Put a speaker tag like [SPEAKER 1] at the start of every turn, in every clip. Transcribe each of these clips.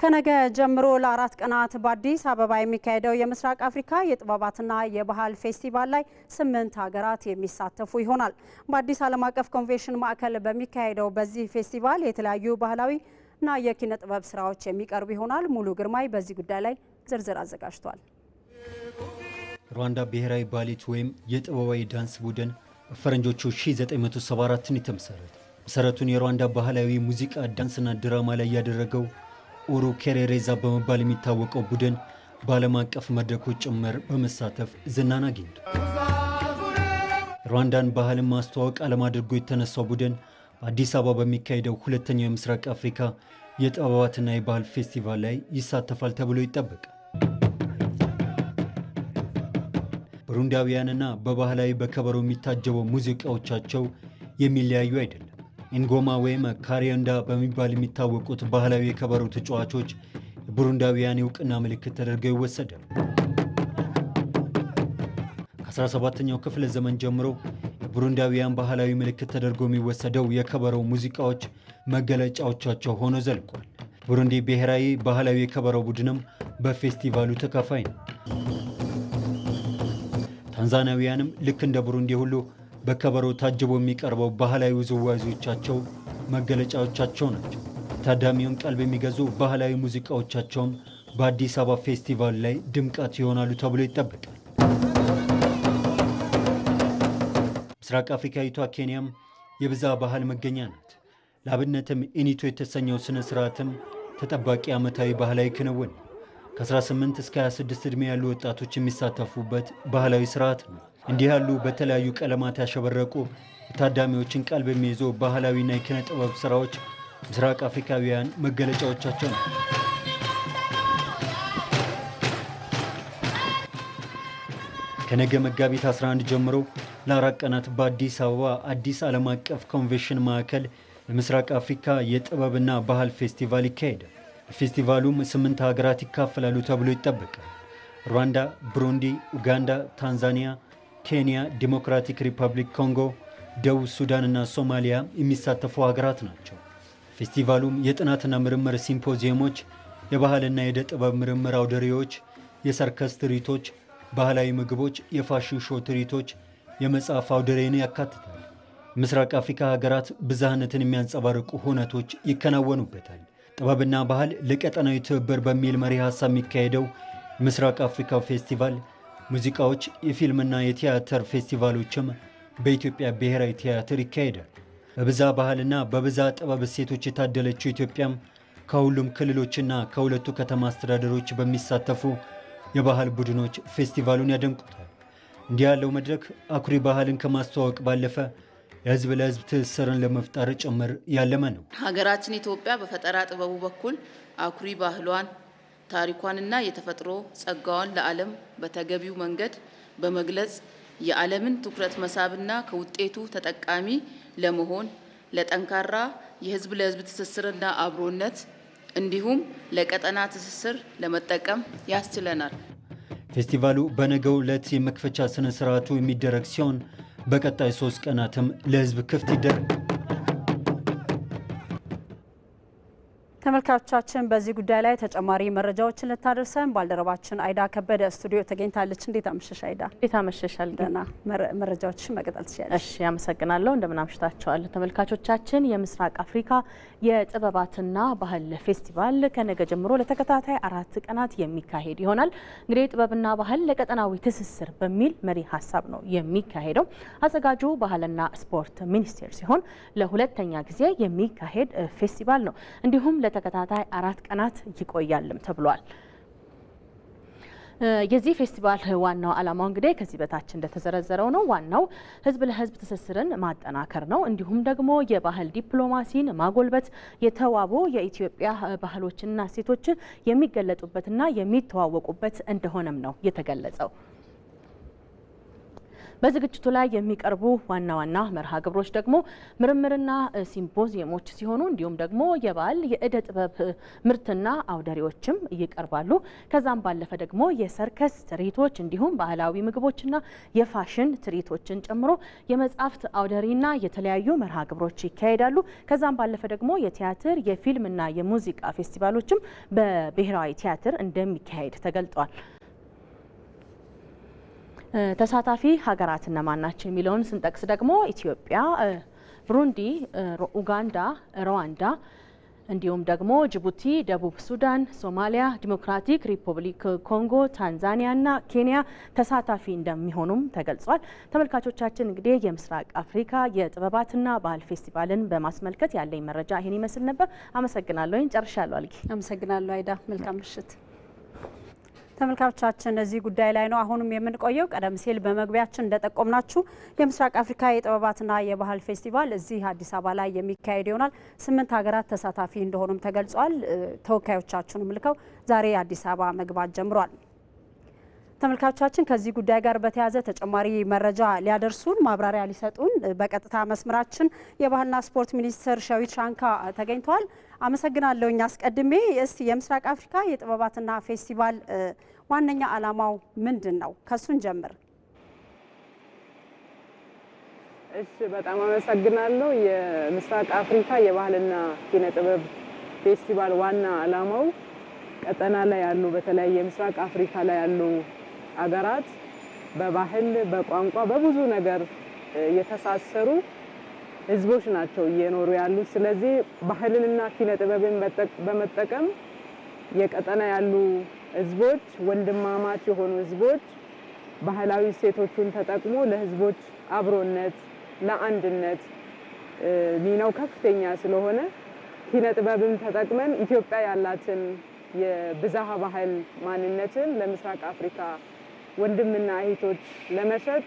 [SPEAKER 1] ከነገ ጀምሮ ለአራት ቀናት በአዲስ አበባ የሚካሄደው የምስራቅ አፍሪካ የጥበባትና የባህል ፌስቲቫል ላይ ስምንት ሀገራት የሚሳተፉ ይሆናል። በአዲስ ዓለም አቀፍ ኮንቬንሽን ማዕከል በሚካሄደው በዚህ ፌስቲቫል የተለያዩ ባህላዊ እና የኪነ ጥበብ ስራዎች የሚቀርቡ ይሆናል። ሙሉ ግርማይ በዚህ ጉዳይ ላይ ዝርዝር አዘጋጅቷል።
[SPEAKER 2] ሩዋንዳ ብሔራዊ ባሌት ወይም የጥበባዊ ዳንስ ቡድን በፈረንጆቹ 1974ን የተመሰረተ መሰረቱን የሩዋንዳ ባህላዊ ሙዚቃ ዳንስና ድራማ ላይ ያደረገው ኡሩ ኬሬሬዛ በመባል የሚታወቀው ቡድን በዓለም አቀፍ መድረኮች ጭምር በመሳተፍ ዝናን አግኝቷል። ሩዋንዳን ባህልን ማስተዋወቅ ዓለም አድርጎ የተነሳው ቡድን በአዲስ አበባ በሚካሄደው ሁለተኛው የምስራቅ አፍሪካ የጥበባትና የባህል ፌስቲቫል ላይ ይሳተፋል ተብሎ ይጠበቃል። ብሩንዳውያንና በባህላዊ በከበሮ የሚታጀበው ሙዚቃዎቻቸው የሚለያዩ አይደለም። ኢንጎማ ወይም ካሪንዳ በሚባል የሚታወቁት ባህላዊ የከበሮ ተጫዋቾች የቡሩንዳውያን የእውቅና ምልክት ተደርገው ይወሰዳል። ከ17ኛው ክፍለ ዘመን ጀምሮ የቡሩንዳውያን ባህላዊ ምልክት ተደርጎ የሚወሰደው የከበሮ ሙዚቃዎች መገለጫዎቻቸው ሆኖ ዘልቋል። ቡሩንዲ ብሔራዊ ባህላዊ የከበሮ ቡድንም በፌስቲቫሉ ተካፋይ ነው። ታንዛኒያውያንም ልክ እንደ ቡሩንዲ ሁሉ በከበሮ ታጅቦ የሚቀርበው ባህላዊ ውዝዋዜዎቻቸው መገለጫዎቻቸው ናቸው። ታዳሚውን ቀልብ የሚገዙ ባህላዊ ሙዚቃዎቻቸውም በአዲስ አበባ ፌስቲቫል ላይ ድምቀት ይሆናሉ ተብሎ ይጠበቃል። ምስራቅ አፍሪካዊቷ ኬንያም የብዛ ባህል መገኛ ናት። ለአብነትም ኢኒቶ የተሰኘው ስነ ሥርዓትም ተጠባቂ ዓመታዊ ባህላዊ ክንውን ነው። ከ18 እስከ 26 ዕድሜ ያሉ ወጣቶች የሚሳተፉበት ባህላዊ ሥርዓት ነው። እንዲህ ያሉ በተለያዩ ቀለማት ያሸበረቁ ታዳሚዎችን ቀልብ የሚይዙ ባህላዊና የኪነ ጥበብ ስራዎች ምስራቅ አፍሪካውያን መገለጫዎቻቸው ነው። ከነገ መጋቢት 11 ጀምሮ ለአራት ቀናት በአዲስ አበባ አዲስ ዓለም አቀፍ ኮንቬንሽን ማዕከል የምስራቅ አፍሪካ የጥበብና ባህል ፌስቲቫል ይካሄዳል። ፌስቲቫሉም ስምንት ሀገራት ይካፈላሉ ተብሎ ይጠበቃል። ሩዋንዳ፣ ብሩንዲ፣ ኡጋንዳ፣ ታንዛኒያ ኬንያ፣ ዲሞክራቲክ ሪፐብሊክ ኮንጎ፣ ደቡብ ሱዳንና ሶማሊያ የሚሳተፉ ሀገራት ናቸው። ፌስቲቫሉም የጥናትና ምርምር ሲምፖዚየሞች፣ የባህልና የዕደ ጥበብ ምርምር አውደሪዎች፣ የሰርከስ ትርኢቶች፣ ባህላዊ ምግቦች፣ የፋሽን ሾ ትርኢቶች፣ የመጽሐፍ አውደሬን ያካትታል። ምስራቅ አፍሪካ ሀገራት ብዝሃነትን የሚያንጸባርቁ ሁነቶች ይከናወኑበታል። ጥበብና ባህል ለቀጠናዊ ትብብር በሚል መሪ ሀሳብ የሚካሄደው ምስራቅ አፍሪካ ፌስቲቫል ሙዚቃዎች፣ የፊልምና የቲያትር ፌስቲቫሎችም በኢትዮጵያ ብሔራዊ ቲያትር ይካሄዳል። በብዛ ባህልና በብዛ ጥበብ እሴቶች የታደለችው ኢትዮጵያም ከሁሉም ክልሎችና ከሁለቱ ከተማ አስተዳደሮች በሚሳተፉ የባህል ቡድኖች ፌስቲቫሉን ያደምቁታል። እንዲህ ያለው መድረክ አኩሪ ባህልን ከማስተዋወቅ ባለፈ የህዝብ ለህዝብ ትስስርን ለመፍጠር ጭምር ያለመ ነው።
[SPEAKER 3] ሀገራችን ኢትዮጵያ በፈጠራ ጥበቡ በኩል አኩሪ ባህሏን ታሪኳንና የተፈጥሮ ጸጋዋን ለዓለም በተገቢው መንገድ በመግለጽ የዓለምን ትኩረት መሳብና ከውጤቱ ተጠቃሚ ለመሆን ለጠንካራ የህዝብ ለህዝብ ትስስርና አብሮነት እንዲሁም ለቀጠና ትስስር ለመጠቀም ያስችለናል።
[SPEAKER 2] ፌስቲቫሉ በነገው ዕለት የመክፈቻ ስነ ስርዓቱ የሚደረግ ሲሆን በቀጣይ ሶስት ቀናትም ለህዝብ ክፍት ይደረግ
[SPEAKER 1] ተመልካቾቻችን በዚህ ጉዳይ ላይ ተጨማሪ መረጃዎችን ልታደርሰን ባልደረባችን አይዳ ከበደ ስቱዲዮ ተገኝታለች። እንዴት አመሸሽ አይዳ?
[SPEAKER 4] እንዴት አመሸሻል? ደህና መረጃዎችን መቀጠል ትችላለሽ።
[SPEAKER 1] እሺ፣ አመሰግናለሁ። እንደምን አምሽታችኋል ተመልካቾቻችን። የምስራቅ አፍሪካ የጥበባትና ባህል ፌስቲቫል ከነገ ጀምሮ ለተከታታይ አራት ቀናት የሚካሄድ ይሆናል። እንግዲህ ጥበብና ባህል ለቀጠናዊ ትስስር በሚል መሪ ሀሳብ ነው የሚካሄደው። አዘጋጁ ባህልና ስፖርት ሚኒስቴር ሲሆን ለሁለተኛ ጊዜ የሚካሄድ ፌስቲቫል ነው። እንዲሁም ለተከታ ለተከታታይ አራት ቀናት ይቆያልም ተብሏል። የዚህ ፌስቲቫል ዋናው ዓላማው እንግዲህ ከዚህ በታች እንደተዘረዘረው ነው። ዋናው ህዝብ ለህዝብ ትስስርን ማጠናከር ነው። እንዲሁም ደግሞ የባህል ዲፕሎማሲን ማጎልበት፣ የተዋቡ የኢትዮጵያ ባህሎችና እሴቶች የሚገለጡበትና የሚተዋወቁበት እንደሆነም ነው የተገለጸው። በዝግጅቱ ላይ የሚቀርቡ ዋና ዋና መርሃ ግብሮች ደግሞ ምርምርና ሲምፖዚየሞች ሲሆኑ እንዲሁም ደግሞ የባህል የእደ ጥበብ ምርትና አውደሪዎችም ይቀርባሉ። ከዛም ባለፈ ደግሞ የሰርከስ ትርኢቶች እንዲሁም ባህላዊ ምግቦችና የፋሽን ትርኢቶችን ጨምሮ የመጽሐፍት አውደሪና የተለያዩ መርሃ ግብሮች ይካሄዳሉ። ከዛም ባለፈ ደግሞ የቲያትር የፊልምና የሙዚቃ ፌስቲቫሎችም በብሔራዊ ቲያትር እንደሚካሄድ ተገልጧል። ተሳታፊ ሀገራት እነማን ናቸው የሚለውን ስንጠቅስ ደግሞ ኢትዮጵያ፣ ብሩንዲ፣ ኡጋንዳ፣ ሩዋንዳ እንዲሁም ደግሞ ጅቡቲ፣ ደቡብ ሱዳን፣ ሶማሊያ፣ ዲሞክራቲክ ሪፐብሊክ ኮንጎ፣ ታንዛኒያ እና ኬንያ ተሳታፊ እንደሚሆኑም ተገልጿል። ተመልካቾቻችን እንግዲህ የምስራቅ አፍሪካ የጥበባትና ባህል ፌስቲቫልን በማስመልከት ያለኝ መረጃ ይህን ይመስል ነበር። አመሰግናለሁ። ጨርሻለሁ። አልጊ
[SPEAKER 4] አመሰግናለሁ። አይዳ መልካም ምሽት።
[SPEAKER 1] ተመልካቾቻችን እዚህ ጉዳይ ላይ ነው አሁንም የምንቆየው። ቀደም ሲል በመግቢያችን እንደጠቆምናችሁ የምስራቅ አፍሪካ የጥበባትና የባህል ፌስቲቫል እዚህ አዲስ አበባ ላይ የሚካሄድ ይሆናል። ስምንት ሀገራት ተሳታፊ እንደሆኑም ተገልጿል። ተወካዮቻችሁንም ልከው ዛሬ አዲስ አበባ መግባት ጀምሯል። ተመልካቾቻችን ከዚህ ጉዳይ ጋር በተያያዘ ተጨማሪ መረጃ ሊያደርሱን ማብራሪያ ሊሰጡን በቀጥታ መስመራችን የባህልና ስፖርት ሚኒስትር ሸዊት ሻንካ ተገኝተዋል። አመሰግናለሁኝ። አስቀድሜ እስቲ የምስራቅ አፍሪካ የጥበባትና ፌስቲቫል ዋነኛ ዓላማው ምንድን ነው? ከሱን ጀምር።
[SPEAKER 5] እሺ፣ በጣም አመሰግናለሁ። የምስራቅ አፍሪካ የባህልና ኪነ ጥበብ ፌስቲቫል ዋና ዓላማው ቀጠና ላይ ያሉ በተለያየ የምስራቅ አፍሪካ ላይ ያሉ አገራት በባህል፣ በቋንቋ፣ በብዙ ነገር የተሳሰሩ ህዝቦች ናቸው እየኖሩ ያሉት። ስለዚህ ባህልንና ኪነ ጥበብን በመጠቀም የቀጠና ያሉ ህዝቦች ወንድማማች የሆኑ ህዝቦች ባህላዊ እሴቶቹን ተጠቅሞ ለህዝቦች አብሮነት፣ ለአንድነት ሚናው ከፍተኛ ስለሆነ ኪነ ጥበብን ተጠቅመን ኢትዮጵያ ያላትን የብዝሃ ባህል ማንነትን ለምስራቅ አፍሪካ ወንድምና እህቶች ለመሸጥ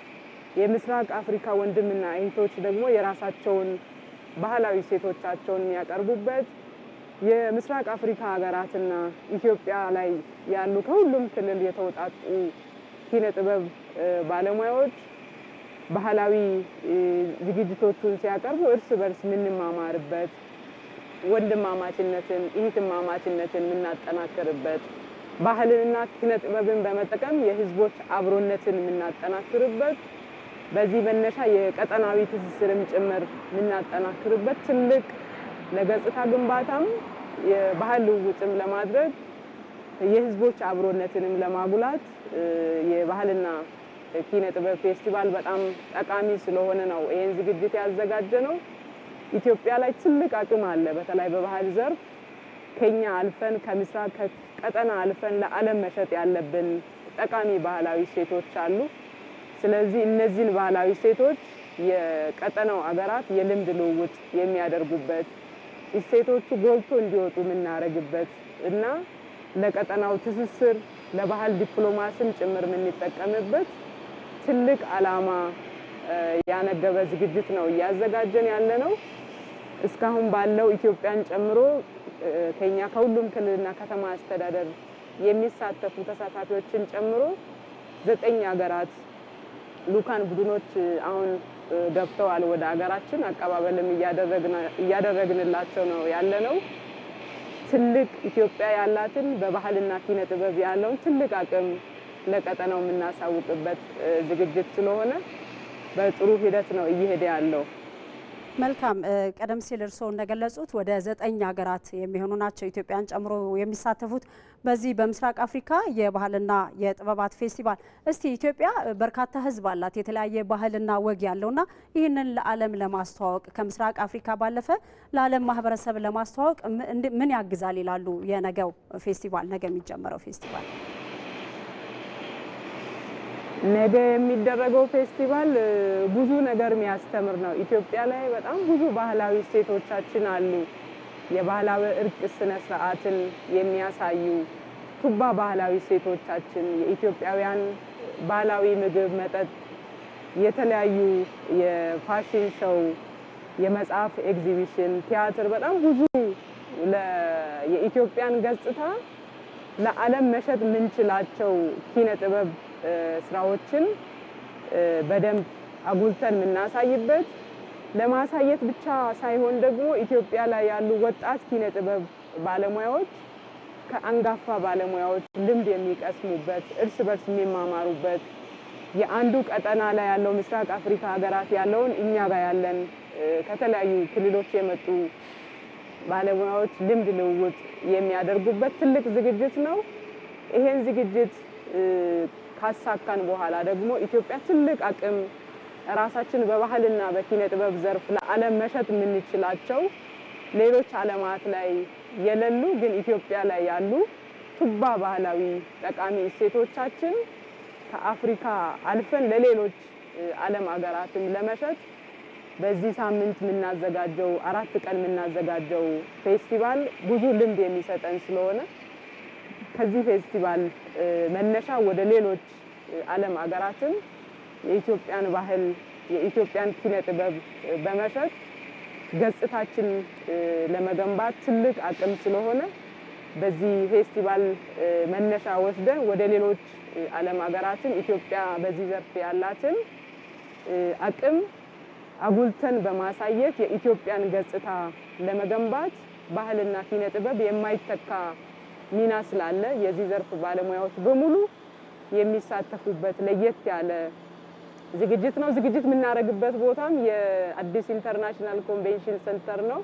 [SPEAKER 5] የምስራቅ አፍሪካ ወንድምና እህቶች ደግሞ የራሳቸውን ባህላዊ ሴቶቻቸውን የሚያቀርቡበት የምስራቅ አፍሪካ ሀገራትና ኢትዮጵያ ላይ ያሉ ከሁሉም ክልል የተውጣጡ ኪነ ጥበብ ባለሙያዎች ባህላዊ ዝግጅቶቹን ሲያቀርቡ እርስ በርስ የምንማማርበት ወንድማማችነትን እህትማማችነትን የምናጠናክርበት ባህልንና ኪነ ጥበብን በመጠቀም የህዝቦች አብሮነትን የምናጠናክርበት በዚህ መነሻ የቀጠናዊ ትስስርም ጭምር የምናጠናክርበት ትልቅ ለገጽታ ግንባታም የባህል ልውውጥም ለማድረግ የህዝቦች አብሮነትንም ለማጉላት የባህልና ኪነ ጥበብ ፌስቲቫል በጣም ጠቃሚ ስለሆነ ነው ይህን ዝግጅት ያዘጋጀ ነው። ኢትዮጵያ ላይ ትልቅ አቅም አለ። በተለይ በባህል ዘርፍ ከኛ አልፈን ከምስራቅ ቀጠና አልፈን ለዓለም መሸጥ ያለብን ጠቃሚ ባህላዊ ሴቶች አሉ። ስለዚህ እነዚህን ባህላዊ እሴቶች የቀጠናው አገራት የልምድ ልውውጥ የሚያደርጉበት እሴቶቹ ጎልቶ እንዲወጡ የምናደርግበት እና ለቀጠናው ትስስር ለባህል ዲፕሎማሲም ጭምር የምንጠቀምበት ትልቅ ዓላማ ያነገበ ዝግጅት ነው እያዘጋጀን ያለ ነው። እስካሁን ባለው ኢትዮጵያን ጨምሮ ከኛ ከሁሉም ክልልና ከተማ አስተዳደር የሚሳተፉ ተሳታፊዎችን ጨምሮ ዘጠኝ ሀገራት ሉካን ቡድኖች አሁን ገብተዋል ወደ ሀገራችን። አቀባበልም እያደረግንላቸው ነው ያለ ነው። ትልቅ ኢትዮጵያ ያላትን በባህልና ኪነ ጥበብ ያለውን ትልቅ አቅም ለቀጠናው የምናሳውቅበት ዝግጅት ስለሆነ በጥሩ ሂደት ነው እየሄደ ያለው።
[SPEAKER 1] መልካም ቀደም ሲል እርስዎ እንደገለጹት ወደ ዘጠኝ ሀገራት የሚሆኑ ናቸው ኢትዮጵያን ጨምሮ የሚሳተፉት በዚህ በምስራቅ አፍሪካ የባህልና የጥበባት ፌስቲቫል። እስቲ ኢትዮጵያ በርካታ ሕዝብ አላት የተለያየ ባህልና ወግ ያለውና ይህንን ለዓለም ለማስተዋወቅ ከምስራቅ አፍሪካ ባለፈ ለዓለም ማህበረሰብ ለማስተዋወቅ ምን ያግዛል ይላሉ የነገው ፌስቲቫል ነገ የሚጀመረው ፌስቲቫል?
[SPEAKER 5] ነገ የሚደረገው ፌስቲቫል ብዙ ነገር የሚያስተምር ነው። ኢትዮጵያ ላይ በጣም ብዙ ባህላዊ እሴቶቻችን አሉ። የባህላዊ እርቅ ስነ ስርዓትን የሚያሳዩ ቱባ ባህላዊ እሴቶቻችን፣ የኢትዮጵያውያን ባህላዊ ምግብ፣ መጠጥ፣ የተለያዩ የፋሽን ሾው፣ የመጽሐፍ ኤግዚቢሽን፣ ቲያትር በጣም ብዙ የኢትዮጵያን ገጽታ ለዓለም መሸጥ የምንችላቸው ኪነ ጥበብ ስራዎችን በደንብ አጉልተን የምናሳይበት ለማሳየት ብቻ ሳይሆን ደግሞ ኢትዮጵያ ላይ ያሉ ወጣት ኪነ ጥበብ ባለሙያዎች ከአንጋፋ ባለሙያዎች ልምድ የሚቀስሙበት፣ እርስ በርስ የሚማማሩበት የአንዱ ቀጠና ላይ ያለው ምስራቅ አፍሪካ ሀገራት ያለውን እኛ ጋር ያለን ከተለያዩ ክልሎች የመጡ ባለሙያዎች ልምድ ልውውጥ የሚያደርጉበት ትልቅ ዝግጅት ነው። ይሄን ዝግጅት ካሳካን በኋላ ደግሞ ኢትዮጵያ ትልቅ አቅም ራሳችን በባህልና በኪነ ጥበብ ዘርፍ ለዓለም መሸጥ የምንችላቸው ሌሎች ዓለማት ላይ የሌሉ ግን ኢትዮጵያ ላይ ያሉ ቱባ ባህላዊ ጠቃሚ እሴቶቻችን ከአፍሪካ አልፈን ለሌሎች ዓለም አገራትም ለመሸጥ በዚህ ሳምንት የምናዘጋጀው አራት ቀን የምናዘጋጀው ፌስቲቫል ብዙ ልምድ የሚሰጠን ስለሆነ ከዚህ ፌስቲቫል መነሻ ወደ ሌሎች ዓለም አገራትም የኢትዮጵያን ባህል የኢትዮጵያን ኪነ ጥበብ በመሸጥ ገጽታችን ለመገንባት ትልቅ አቅም ስለሆነ በዚህ ፌስቲቫል መነሻ ወስደን ወደ ሌሎች ዓለም ሀገራትም ኢትዮጵያ በዚህ ዘርፍ ያላትን አቅም አጉልተን በማሳየት የኢትዮጵያን ገጽታ ለመገንባት ባህልና ኪነ ጥበብ የማይተካ ሚና ስላለ የዚህ ዘርፍ ባለሙያዎች በሙሉ የሚሳተፉበት ለየት ያለ ዝግጅት ነው። ዝግጅት የምናደርግበት ቦታም የአዲስ ኢንተርናሽናል ኮንቬንሽን ሴንተር ነው።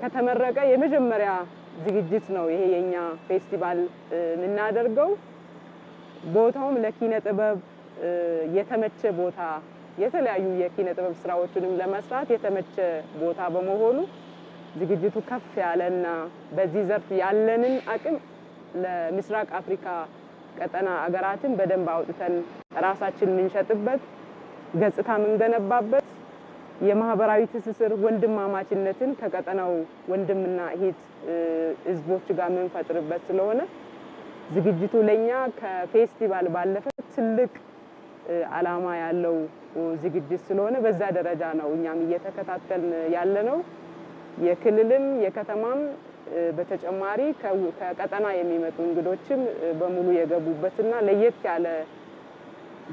[SPEAKER 5] ከተመረቀ የመጀመሪያ ዝግጅት ነው ይሄ የኛ ፌስቲቫል የምናደርገው። ቦታውም ለኪነ ጥበብ የተመቸ ቦታ የተለያዩ የኪነ ጥበብ ስራዎችንም ለመስራት የተመቸ ቦታ በመሆኑ ዝግጅቱ ከፍ ያለና በዚህ ዘርፍ ያለንን አቅም ለምስራቅ አፍሪካ ቀጠና አገራትን በደንብ አውጥተን ራሳችን የምንሸጥበት ገጽታ የምንገነባበት የማህበራዊ ትስስር ወንድማማችነትን ከቀጠናው ወንድምና እህት ህዝቦች ጋር የምንፈጥርበት ስለሆነ ዝግጅቱ ለእኛ ከፌስቲቫል ባለፈ ትልቅ ዓላማ ያለው ዝግጅት ስለሆነ በዛ ደረጃ ነው እኛም እየተከታተልን ያለ ነው። የክልልም የከተማም በተጨማሪ ከቀጠና የሚመጡ እንግዶችም በሙሉ የገቡበትና ለየት ያለ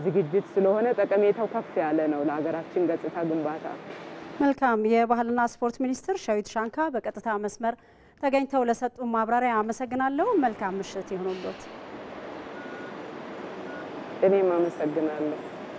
[SPEAKER 5] ዝግጅት ስለሆነ ጠቀሜታው ከፍ ያለ ነው ለሀገራችን ገጽታ ግንባታ።
[SPEAKER 1] መልካም። የባህልና ስፖርት ሚኒስትር ሸዊት ሻንካ በቀጥታ መስመር ተገኝተው ለሰጡ ማብራሪያ አመሰግናለሁ። መልካም ምሽት ይሁንልዎት።
[SPEAKER 5] እኔም አመሰግናለሁ።